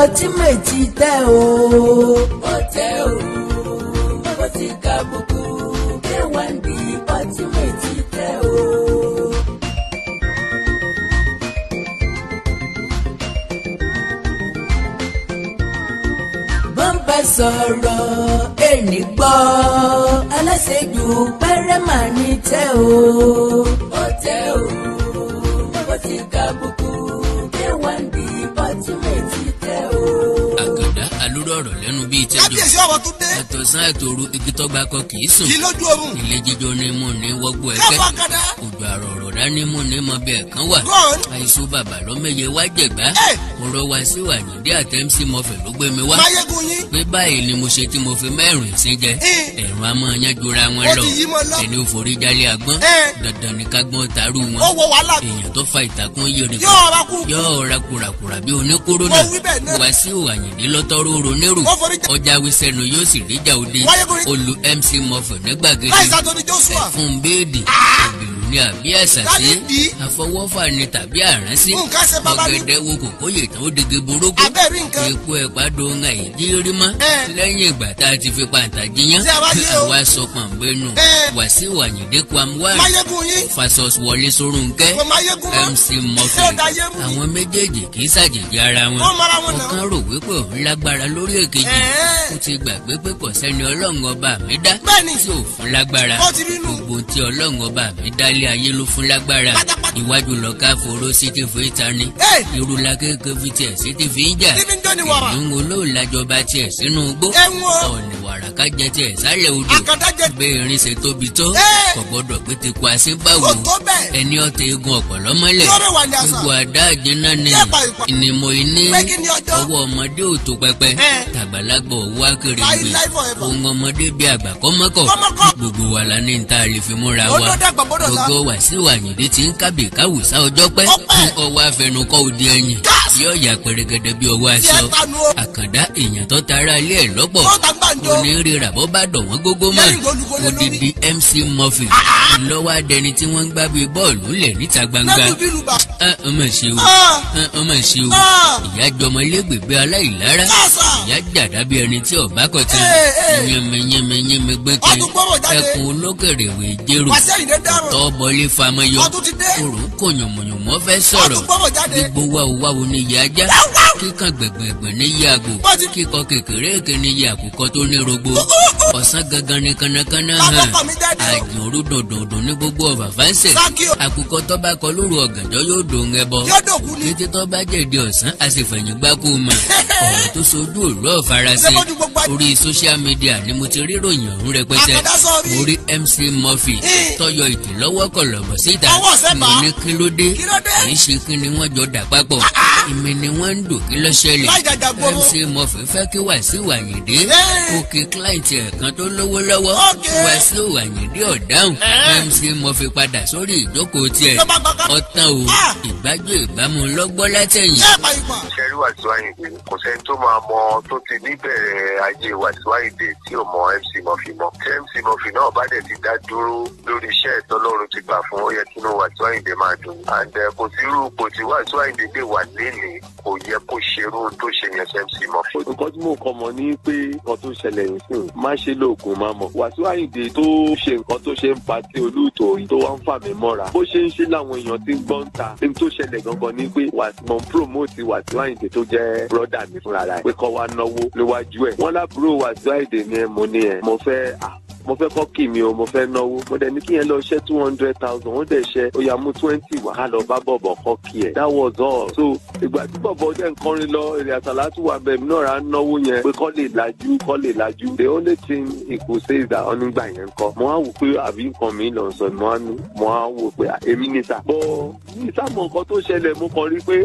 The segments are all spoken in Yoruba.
ọtí méjì tẹ́ o. ó o ó ti ka buku kéwàá ń di ọtí méjì tẹ́ o. bá sọ̀rọ̀ ẹni gbọ́ aláṣejù pẹ́rẹ́ ní tẹ́ o. ó o. bíi tẹ́lẹ̀. kábíyèsí ọ̀wọ́ tó dé. ètò sán ètò ru igi tọ́gbà kan kì í sùn. kí lójú oorun. ilé jíjó ni mo ní wọ́gbọ́ kada. òjò àrọ̀ ọ̀rọ̀dá ni mo ní mọ bí ẹ̀kan wà. àìsùn bàbá lọ́mẹyẹ wá jẹ̀gbá. ọ̀rọ̀ wa sí wà nídìí àtẹ́mísì mọ̀fẹ́ ló gbé mi wá. máyégun yín. pé báyìí ni mo ṣe tí mo fi mẹ́rin sí jẹ. ẹ̀rùn a máa yán jura wọn lọ. ẹni òfòrí jalè àgbọn. dandan ni ká gbọ́n taru wọn. ó wọ wàhálà. èèyàn tó fa ìtàkùn yìí yóò ra kùràkùrà bí oníkóró náà. wàásù àyìndínlọ́tọ́rọ́ ronírù. ọjà wíṣẹ́nu yóò sì sìrìjà òde olú mc mọ̀fọ̀ nígbàgede ẹ̀fún bẹ́ẹ̀dì àbí ni àbí àṣàṣe àfọwọ́fà ni tàbí àránsí ọ̀gẹ̀dẹ̀ wo kòkóyè tán ó dege borókó epo ẹ̀pá dohun àìjírí mọ́ lẹ́yìn ìgbà tá a ti fi pàǹtàjì yán àwa sọ pàǹbẹ́nu wàsíù àyìndé kwamwari fasos wọlé sórúnkẹ́ mc murphy àwọn méjèèjì kì í ṣàjèjì ara wọn ọ̀kan rò wípé òun lágbára lórí èkejì ó ti gbàgbé pé kò ọlọ́run ọba mi dá tí òfun lágbára gbogbo tí ọlọ́run ọba mi dá baálé ayé ló fún lágbára iwájú lọ́ka fòró sétí fún ìtaní irú la kéèké fi tiẹ̀ sétí fi ń jà ìwọ ló lajọba tiẹ̀ sínú igbó ọ̀nì wàrà jẹ tiẹ̀ sálẹ̀ odò bẹ́ẹ̀ irin ṣe tóbi tó kò gbọ́dọ̀ pé ti kó asé báwo ẹni ọ̀tẹ̀ egun ọ̀pọ̀lọ́ mọ́lẹ̀ gbogbo àdá àjẹná ni ìnìmọ̀ iní ọwọ́ ọmọdé ò pẹpẹ tàgbàlagbà òwú akérè gbé ohun ọmọdé bíi àgbàkọ́mọ́kọ̀ gbogbo wa ní ìta àlè fi múra wa gbogbo ọgọ wàsíù àyìndé ti ń kábì káwùsá ọjọ́ pẹ́ fún ọwọ́ afẹnukọ́ òde ẹ̀yìn yóò yà pẹ̀rẹ̀gẹ̀dẹ̀ bí ọwọ́ aṣọ àkàndá èèyàn tó tara ilé ẹ̀ lọ́pọ̀ onírira bó bá dọ̀ wọ́n gógó mọ́ odidi mc murphy ah, ah. lọ́wọ́ adẹni tí wọ́n ń gbá bí bọ́ọ̀lù lẹ̀ níta gbangba ah, ọmọ ṣe o ọmọ ṣe o ìyá jọmọ ilégbègbè aláìlára ìyá dàdá bí ẹni tí ọba kọtẹ yẹmẹyẹmẹyẹmẹ gbẹkẹ ẹkùn olókèrè wèé jẹrò tọ́ bọ́ ilé famọ́ yọ òrò kò yànmọ̀yànmọ́ fẹ́ sọ̀rọ̀ gbogbo wáwo wáwo ní iye ajá kíkan gbẹ̀gbẹ̀gbẹ̀ ní iye àgbò kíkọ kékeré èké ní iye àkùkọ tó ní rogbo oh, oh, oh. ọ̀sán gangan ní kánnakánná hàn àjòrò dòdòdò ní gbogbo ọ̀fà fáńsẹ̀ àkùkọ tó bá kọ lóru ọ̀gànjọ́ yóò dòun ẹbọ kété tó bá jẹ̀dí ọ̀sán gbáko mọ̀ ọ̀rọ̀ tó sojú òró ọ̀farasin orí social media ni mo ti rí ròyìn rẹpẹtẹ mo MC Murphy tó yọ ìtẹ́lọ́wọ́ kọ̀lọ̀bọ̀ síta mo ní kí ló dé kì í ṣe kí ni wọ́n jọ dà papọ̀ ah, ah. ìmì ni wọ́n ń dò kí ló ṣẹlẹ̀ mc mọ̀fẹ́ fẹ́ kí Wàsíù Àyìndé òkè client ẹ̀kan tó lówó lọ́wọ́ Wàsíù Àyìndé ọ̀dáhùn mc mọ̀fẹ́ padà sórí ìjókòó tiẹ̀ ọ̀tàn o ah. ìgbájú ìbámu lọ́gbọ́ látẹ̀yìn. ṣẹ́rí Wàsíù Àyìndé kò sẹ́ni tó máa mọ tó ti níbẹ̀rẹ̀ ayé Wàsíù Àyìndé tí ò mọ mc mọ̀fẹ́ mọ́ mc mọ̀fẹ́ náà bá dẹ̀ ti dá dúró lórí iṣẹ́ ìtọ́lọ́run ti gbà fún ó yẹ kí inú Wasiu Ayinde máa dùn and uh, kò sí irú kò sí Wasiu Ayinde lè wà lélẹ̀ kò yẹ kó ṣe irú tó ṣe yẹn SMC mọ́. nǹkan tí mo kàn mọ̀ ni pé nǹkan tó ṣẹlẹ̀ yìí sìn má ṣe lóògùn máa mọ̀ Wasiu Ayinde tó ṣe nǹkan tó ṣe ń pa tí olóòtú òyìn tó wá ń fà mí mọ́ra bó ṣe ń ṣe láwọn èèyàn ti ń gbọ́ ń ta ní tó ṣẹlẹ̀ gangan ni pé wàmọ̀ promote Wasiu Ayinde tó jẹ́ brọ́dà mi fúnra rẹ̀ pé kọ́ wa náwó níwájú ẹ̀ wọ́n lábúrò Wasiu Ayinde ni ẹ mo ní ẹ mo fẹ́ mo fẹ́ kọ́ kì mí o mo fẹ́ náwó mo dẹ̀ ní kí yẹn lọ ṣẹ́ two hundred thousand wọ́n dẹ̀ ṣe ó yá mú twenty wà á bá bọ̀bọ̀ kọ́ kì ẹ̀ that was all so ìgbà tí bọ̀bọ̀ jẹ́ nkọrin lọ èrè àtàlà tó wà bẹ̀ mí náà rà náwó yẹn pé kọ́ lè lajú kọ́ lè lajú the only thing ìkù ṣe ìdá ọ̀nùgbà yẹn kọ́ mo á wò pé àbí nǹkan mi lọ sọ mo á wò pé èmi ni sà bọ́ ní sáàmù nǹkan tó ṣẹlẹ̀ mo kàn rí pé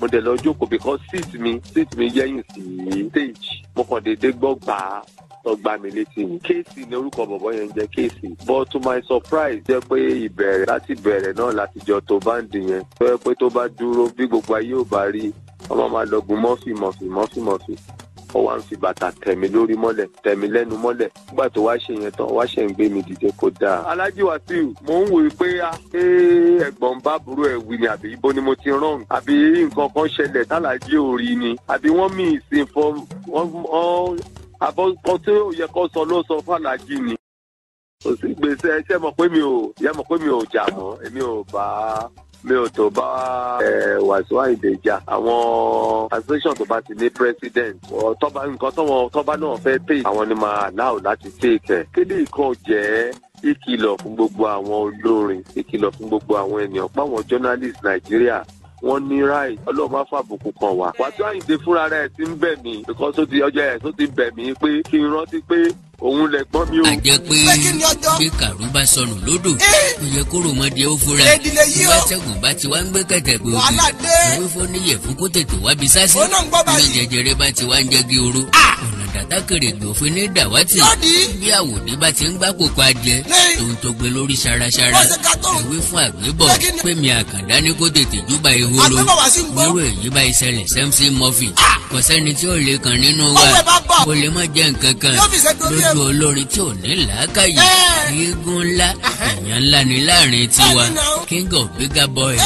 mo dẹ̀ lọ jókòó because seat mi seat mi yẹ́yìn sí stage mo kàn déédéé gbọ́ gbàá sọ gbá mi létí kéèsì ni orúkọ bọ̀bọ̀ yẹn ń jẹ́ kéèsì but to my surprise jẹ́ pé ìbẹ̀rẹ̀ láti bẹ̀rẹ̀ náà láti jọ tó bá ń dì yẹn tó yẹ pé tó bá dúró bí gbogbo ayé ò bá rí ọmọ máa lọgun mọ́fì mọ́fì mọ́fì mọ́fì ó wá ń fi bàtà tẹ̀mí lórí mọ́lẹ̀ tẹ̀mí lẹ́nu mọ́lẹ̀ nígbà tó wá ṣe yẹn tán wá ṣe ń gbé mi dìde kó dáa. Alhaji Wasiu mò ń wòye pé a ah, ṣé ẹ̀gbọ́n bá burú ẹ̀ wí ni àbí ibo ni mo ti rán àbí nǹkan kan ṣẹlẹ̀ tálàjì ò rí ni àbí wọ́n mí ìsìn fọ́ wọ́n àbọ̀ nǹkan tí ó yẹ kó sọ ló sọ fàlàjì ni Òsì gbèsè ṣe mọ̀ pé mi ò yẹ mọ̀ pé mi ò jà mọ́ èmi ò bá mi ò tó bá Wàsíù Àyìndé jà àwọn association tó bá ti ní president tọ́ba nǹkan tọ́ba náà fẹ́ pè àwọn ni máa allow láti take ẹ̀ kéde ìkan jẹ́ ìkìlọ̀ fún gbogbo àwọn olórin ìkìlọ̀ fún gbogbo àwọn ènìyàn páwọn journalist Nàìjíríà wọ́n ní ráì ọlọ́run má fàbùkù kàn wá. wàtí àyìndé fúnra rẹ̀ ti ń bẹ̀ mí because ó ti ọjọ́ ẹ̀ tó ti bẹ̀ mí pé kí n rántí pé òun lè gbọ́n mi o. a jẹ pé bí kàrú bá sọnù lódò kò eh! yẹ kó ròmọdé ó fura ìwà ṣẹ́gun bá ti wá ń gbé kẹ̀tẹ̀ gbòòdì òwe fún níyẹ̀ fún kó tètè wá bí sásì ìwà jẹjẹrẹ bá ti wá ń jẹ oró. Ah! tàtàkèrègbè òfin ní dàwátì bí àwòdì bá ti ń gbá kókó adìẹ tó ń tó gbé lórí ṣaraṣara ìwé fún àgbébọ̀ Fẹ́mi Àkàndá ní kó tètè júbà ehoro nírò èyí bá ìṣẹ̀lẹ̀ Samson Murphy kò sẹ́ni tí ò lè kàn nínú wa kò lè má jẹ́ nǹkan kan lójú olórin tí ò ní làákàyè eégún ńlá èèyàn ńlá ni láàrin tiwa king of bigger boys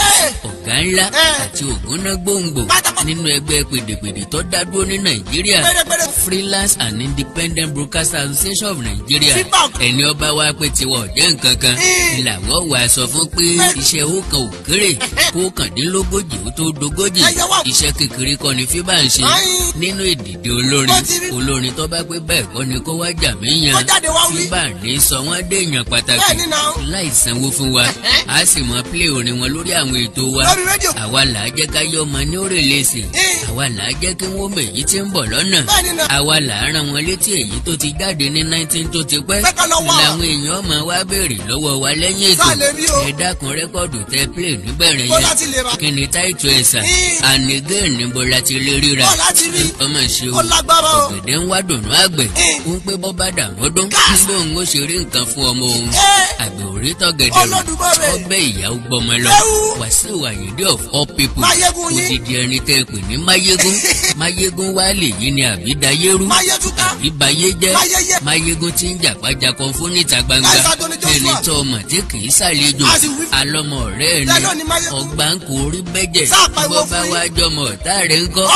ọ̀gá ńlá àti ògúnná gbòǹgbò nínú ẹgbẹ́ pèdèpèdè tó dá dúró ní Nàìjíríà Broadcasters and Independent Broadcasters Association of Nigeria ẹni ọba wa pé tiwọ̀ jẹ́ nǹkan kan eh. làwọ̀ wà sọ fún pé eh. iṣẹ́ ó kan ò kéré eh, kó kàndínlógójì ó tó dógójì iṣẹ́ kékeré kọ́ ni fíbà ń ṣe nínú ìdìde olórin olórin tó bá pé bẹ́ẹ̀ kọ́ ni kó wá jà mí yan fíbà ní sọ wọ́n déèyàn pàtàkì láì sanwó fún wa a sì mọ play orin wọn lórí àwọn ètò wa àwa làá jẹ́ ká yọ ọmọ ní òrèlè sí àwa làá jẹ́ kí wọ́n mèyí tí ń bọ̀ lọ́nà àwa làá là ń rán wọn létí èyí tó ti jáde ní nineteen tó ti pẹ́ làwọn èèyàn ọmọ wa béèrè lọ́wọ́ wa lẹ́yìn ètò ẹ dákun rẹ́kọ̀dù tẹ play níbẹ̀rẹ̀ yẹn kí ni táìtù ẹ̀sà ànigẹ́ ní bọ́lá ti lè ríra ọmọ ìṣe o ọ̀gẹ̀dẹ̀ ń wá dùnú àgbẹ̀ ó ń pé bọ́ bá dà wọ́n dún nígbà òun ó ṣe rí nǹkan fún ọmọ òun àgbẹ̀ ò rí tọ̀gẹ̀dẹ̀ rẹ̀ ọgbẹ́ ìyá ó gbọmọ lọ wàsíù àyíndé of all people ó ti di ẹni tẹ́ ẹ pè ní máyégún máyégún wálé yìí ni àbí dayérú máyé túká. ìbàyé jẹ́ máyégún tí ń jàpájàkọ fún níta gbangba ẹni tó ọmọ tí kì í ṣàlejò alọ́mọ rẹ̀ ni ọgbà ń kò rí bẹ́jẹ̀ jọmọ tá rẹ̀ ń kọ́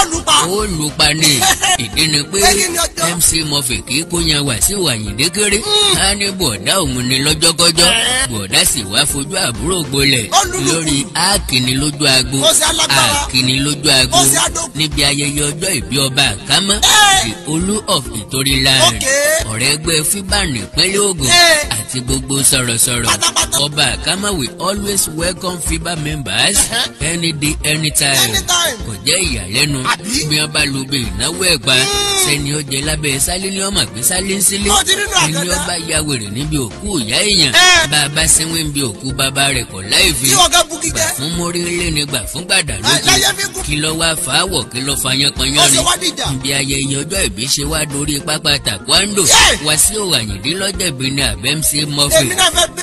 ó lù pa ni ìdí ni pé MC Murphy kì í kó yan wá sí wàyíndé kéré á ní bọ̀dá òun ni lọ́jọ́kọ́jọ́ eh. bọ̀dá sì wá fojú àbúrò gbolẹ̀ lórí ákíní lójú agbo ákíní níbi ayẹyẹ ọjọ́ ìbí ọba àkámọ́ eh. olú olú of ìtoríláàrin ọ̀rẹ́ ẹgbẹ́ fíbàn ìpínlẹ̀ Ògùn àti gbogbo sọ̀rọ̀sọ̀rọ̀ ọba we always welcome fiba members any day anytime kò jẹ́ ìyàlẹ́nu bí wọ́n bá lu bí ìnáwó ẹ̀gbá sẹ́ni ó jẹ lábẹ́ sálé ni ọmọ pé sálé ń sílé ẹni ọba ya wèrè níbi òkú ìyá èèyàn bàbá sẹ́wọ́n níbi òkú bàbá rẹ̀ kọ̀ láì fi gbà fún mórílẹ̀ ni gbà fún gbàdà lókè kí lọ́ wá fà á wọ̀ kí lọ́ fa yanpanyan ni ibi ayẹyẹ ọjọ́ ìbí ṣe wá dórí pápá taekwondo wá sí òwàyìndín lọ́jẹ̀bí ni àbẹ́mṣe mọ́fì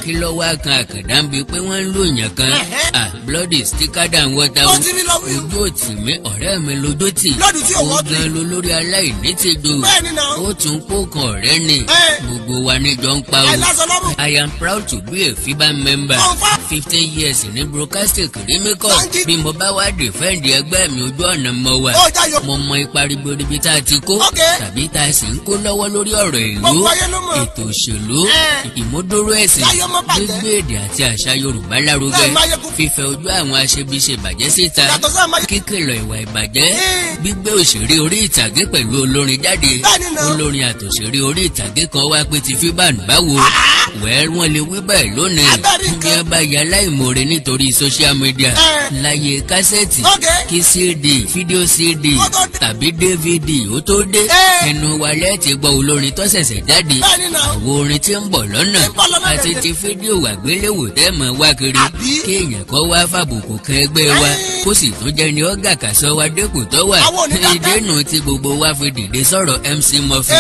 kí lọ́ wá kan àkàndá ń bi pé wọ́n ń lò yàn kan à ah, bloody stikada ń wọ́ta ojú òtì mi ọ̀rẹ́ mi lójó tì ó gan lolórí aláìní Tìdù ó tún kó kan rẹ ni gbogbo wa níjọ ń pa o I am proud to be a FIBA member fifteen years ní broadcasting kìrìmíkọ bí mo bá wá dìfẹ́ǹdì ẹgbẹ́ mi ojú ọ̀nà mọ wa mo mọ ipa ribiribi tá a ti kó tàbí tá a sì ń kó lọ́wọ́ lórí ọ̀rọ̀ ìlú ètò òṣèlú ìmúdúró ẹ̀sìn gbígbé èdè àti àṣà Yorùbá lárugẹ fífẹ ojú àwọn aṣebiṣe bàjẹ́ síta kíkìlọ̀ ìwà ìbàjẹ́ gbígbé òṣèré orí ìtàgé pẹ̀lú olórí olórin jáde olórin àtòṣèré orí ìtàgé kan wá pé ti fíbàn báwo ah, ah. wẹ́ẹ́ wọ́n lè wí bẹ́ẹ̀ lónìí ní abáyá láìmoore nítorí social media eh. láyé kásẹ̀tì kí cd fídíò cd tàbí dvd ó tó dé eh. ẹnu wa lẹ́ẹ̀tì gbọ́ olórin tó ṣẹ̀ṣẹ̀ jáde àwọn orin tí ń bọ̀ lọ́nà àti ti fídíò àgbéléwò tẹ́ẹ̀mọ̀ wá kiri kéèyàn kọ́ wá fàbùkù kan ẹgbẹ́ wa eh. kó sì tún jẹ́ ọ́gà kàṣọ wa dẹ́kun tọ́wà ìdènà tí gbogbo wa fi dì àyìndé sọ̀rọ̀ mc murphy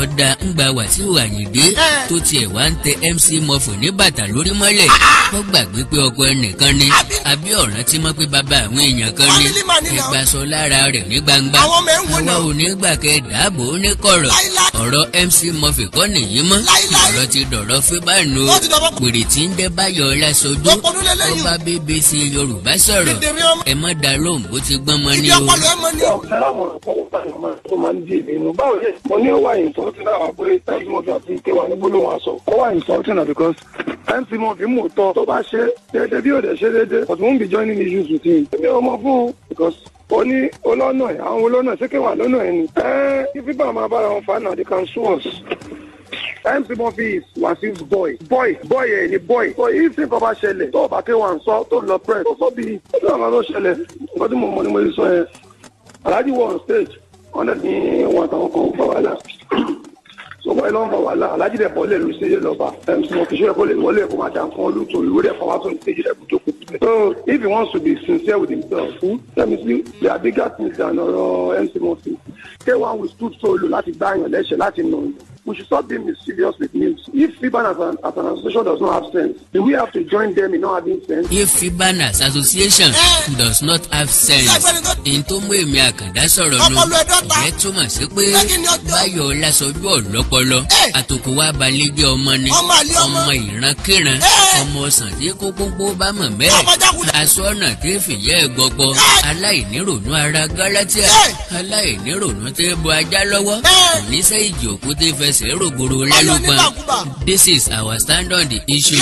ọ̀dà ńgbà wàsíù àyìndé tó tiẹ̀ wá ń tẹ mc murphy ní bàtà lórí mọ́lẹ̀ ó ah, ah. gbàgbé pé ọkọ ẹnìkan ni àbí ọ̀ràn tí mọ́ pé bàbá àwọn èèyàn kan ni ẹgbà sọ lára rẹ̀ ní gbangba àwa ò ní gbà kẹ́ dààbò ní kọ̀rọ̀ ọ̀rọ̀ mc murphy kọ́ nìyí mọ́ ọ̀rọ̀ ti dọ̀rọ̀ fíbánu pèrè tí ń dẹ́ báyọ̀ ọ̀la sojú ọba bbc yorùbá sọ̀rọ̀ ẹ má dá lóhùn bó ti gbọ́n mọ́ ni o méjì nínú báwo yẹ mo ní ó wà ìtọ́jú náà pé táyì mo àti ìkéwà ní gbólóhùn aṣọ ó wà ìtọ́jú náà because time tí mo fi mú tọ tó bá ṣe déédéé bí ò dẹ̀ ṣe déédéé but won't be joining issues with him èmi ò fún un because ó ní olọ́nà ẹ̀ àwọn olọ́nà ṣé kéwà lọ́nà ẹ̀ ni ẹ́ẹ́ kí fífà máa bára wọn fa náà they can sue us mc murphy wasif boy boy boy ẹ ni boy so if ní kọba ṣẹlẹ̀ tó bá ké wọn sọ tó lọ press tó sọ bí ó ní àwọn ló ṣẹlẹ̀ nǹkan tí mo mọ ni mo sọ yẹn alhaji wọ on stage wọn ní wọn àtàwọn kan fà wàhálà sọgbọn ẹ lọ fà wàhálà alájí dẹ bọ lẹnu stage lọba ẹnusùnmọ kìí ṣe bọlẹ wọlé ẹkọ máa dàn fún ọdún tó lórí ẹkọ wá sọ stage lẹkùn so if you want to be sincere with himself hmm? me tẹ́mi sí their bigger things than ọ̀rọ̀ ẹnusùnmọ sí. k one will stood solo láti gbá àyàn lẹ́sẹ̀ láti nà yàn we should stop being serious with news. If FIBANAS as as an association does not have sense, do we have to join them in not having sense? If FIBANAS as association does not have sense, in tó mú èmi àkàndá sọ̀rọ̀ nù, ìyẹn túmọ̀ sí pé báyọ̀ ọlásọjú ọ̀lọ́pọlọ, àtòkò wa balẹ̀ bí ọmọ ni, ọmọ ìrankíran, ọmọ ọ̀sán tí kó gbogbo bá mọ̀ mẹ́ẹ̀, aṣọ́nà tí fìyẹ́ gbogbo, aláìnírònú ara gálátíà, aláìnírònú tẹ́ bọ ajá lọ́wọ́, oníṣẹ́ ìjì òkú fẹ́ fẹsẹ̀ rògbòrò lálùpọ̀ this is our stand on the issue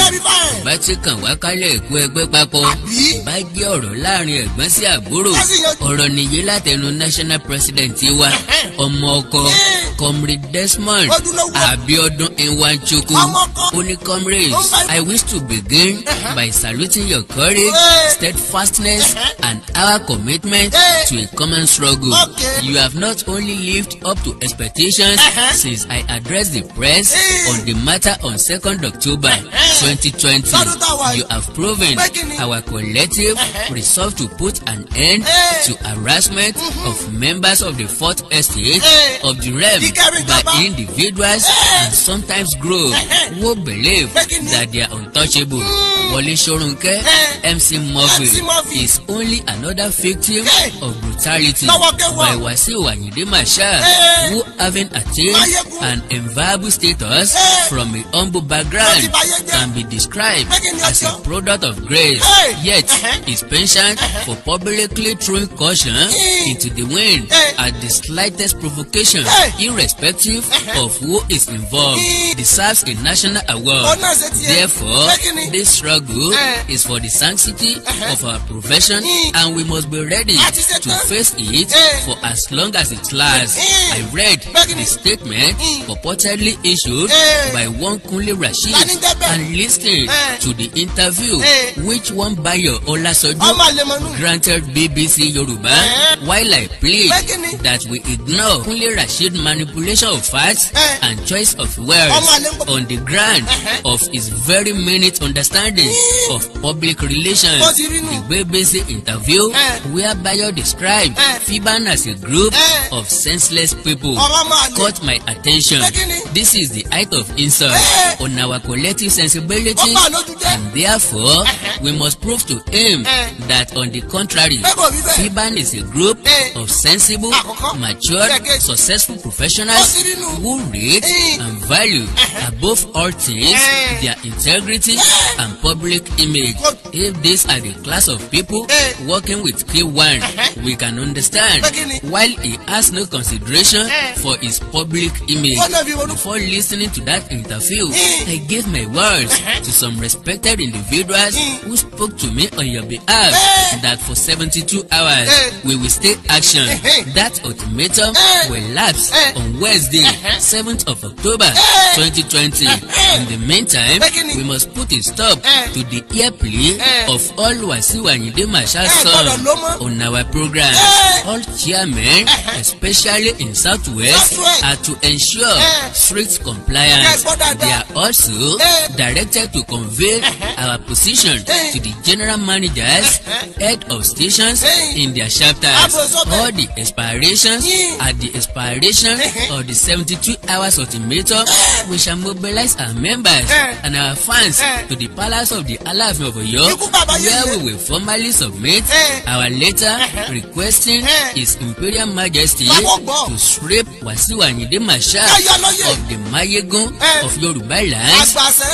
bá ti kàn wá kálẹ̀ èkó ẹgbẹ́ papọ̀ bá jẹ́ ọ̀rọ̀ láàrin ẹ̀gbọ́n sí àbúrò ọ̀rọ̀ nìyí látẹnu national president wa eh, eh. ọmọ ọkọ eh. comrade Desmond Abiodun Nwanchukwu ó ní comrades I wish to begin by saluting your courage steadfastness and our commitment to a common struggle you have not only lived up to expectations since I address the press on the matter on 2nd October 2020. You have proven our collective resolve to put an end to harassment mm-hmm. of members of the fourth estate of the Rev by individuals and sometimes groups who believe that they are untouchable. Wọlé Ṣorúnkẹ́ MC Murphy is only another victim of brutality by Wasiu Ayinde Marshal who haven't attained an enviable status hey. from a humble background can be described as a product of grace hey. yet uh -huh. is penchant uh -huh. for publicly throwing caution. Hey into the wind at the slightest provocation irrespective uh-huh. of who is involved deserves a national award. Oh, Therefore, this struggle is for the sanctity uh-huh. of our profession and we must be ready to face it for as long as it lasts. I read the statement purportedly issued by one Kunle Rasheed and listened to the interview which one Bayo Olasoju granted BBC Yoruba while while I that we ignore Kunle Rasheed manipulation of facts eh. and choice of words oh, on the ground uh -huh. of his very minute understanding eh. of public relations. Oh, the BBC interview eh. where Bayo described eh. Fiban as a group eh. of senseless people caught my attention. This is the height of insult eh. on our collective sensibility and therefore uh eh. -huh. we must prove to him eh. that on the contrary, eh, Fiban is a group of sensible mature, successful professionals who read and value Both all eh. their integrity eh. and public image. If these are the class of people eh. working with K1, we can understand while he has no consideration for his public image. Before listening to that interview, I gave my words to some respected individuals who spoke to me on your behalf that for 72 hours we will take action. That ultimatum will lapse on Wednesday, uh 7th of October, hey. 2020 plenty. Eh, eh. In the meantime, eh, we must put a stop to the ear play of all Wasiu Ayinde Marshal sons on our program. All chairmen, especially in Southwest, are to ensure strict compliance. They are also directed to convey our position to the general managers, head of stations in their chapters. All the expirations at the expiration of the 72 two hours ultimatum, we shall move mobilize our members eh. and our fans eh. to the palace of the Alaafin of Oyo where we will formally submit eh. our letter eh. requesting eh. His Imperial Majesty to strip Wasiu Ayinde Marshal of the Mayegun eh. of Yoruba land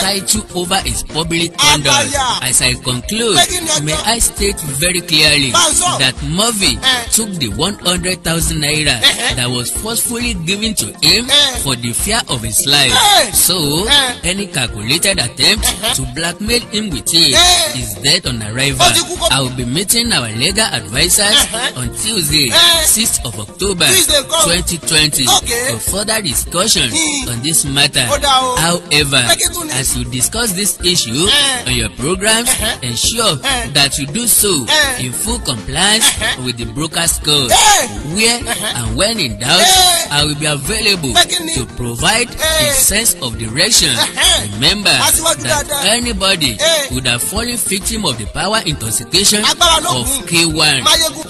title over his public conduct. As I conclude, may I state very clearly that Murphy took the one hundred thousand naira that was forcefully given to him for the fear of his life. So So, eh. any calculated attempt eh, eh. to blackmail him with it is dead on arrival. I will be meeting our legal advisors on Tuesday, 6th of October, 2020 for further discussion hmm. on this matter. However, as you discuss this issue on your programs, ensure that you do so in full compliance with the broker's code. Where and when in doubt, I will be available to provide a sense of the direction. Remember that anybody would have fallen victim of the power intoxication of K1.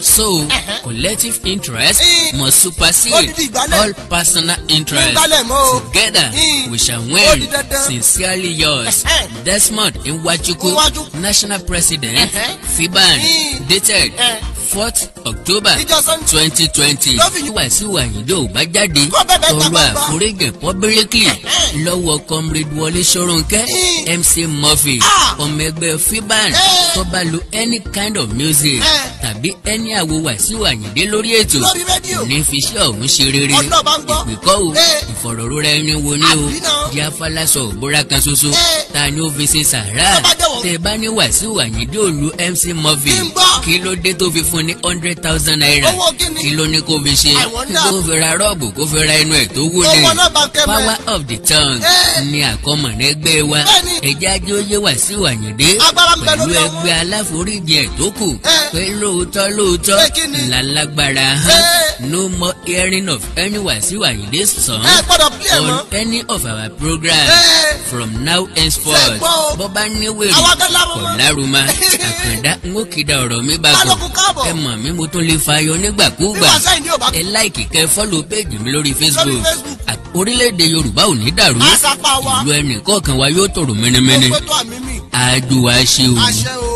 So collective interest must supersede all personal interest. Together we shall win. Sincerely yours, Desmond Nwachukwu, National President, FIBAN, dated fourth october twenty twenty wàsíù àyìndó ò bá jáde tọrọ àforíjì pọ́bílíkì lọ́wọ́ comrade wọlé ṣórónkẹ́ mc murphy ah. ọmọ ẹgbẹ́ fiban tó bá lo any kind of music tàbí ẹni àwo wàsíù àyìndé lórí ètò ní fiṣẹ́ ọ̀hún ṣe rere ìpìkọ́ o ìfọ̀rọ̀rora ẹni wo ni o di afálásọ̀ òbúra kan ṣoṣo ta ni ó fi ṣe sàárà tẹ bá ní wàsíù àyíndé òlu mc murphy kí ló dé tó fi fún ní hundred thousand naira kí ló ní kó fi ṣe kó fi ra rọ́ọ̀bù kó fi ra inú ẹ̀ tó wú power of the tongue ni àkọmọ̀ ẹgbẹ́ wa ẹ̀jẹ̀ ajé ó yé wàsíù àyíndé pẹ̀lú ẹgbẹ́ aláforíjì ẹ̀ tó kù pé lóòótọ́ lóòótọ́ làlágbára no more hearing of any wàsíù àyíndé song on any of our programs from now henceforth bọ́bá níwèrè ọ̀làrúmá àkàndá n ó kéda ọ̀rọ̀ mi bá kọ ẹ mọ̀ mi mo tún lè fayọ nígbàkúùgbà ẹ láìkì kẹ fọ́lọ̀ péjì mi lórí Facebook orílẹ̀-èdè Yorùbá ò ní dàrú ìlú ẹnì kọ̀ọ̀kan wa yóò tòrò mẹ́nẹ́mẹ́nẹ́ àjò òun.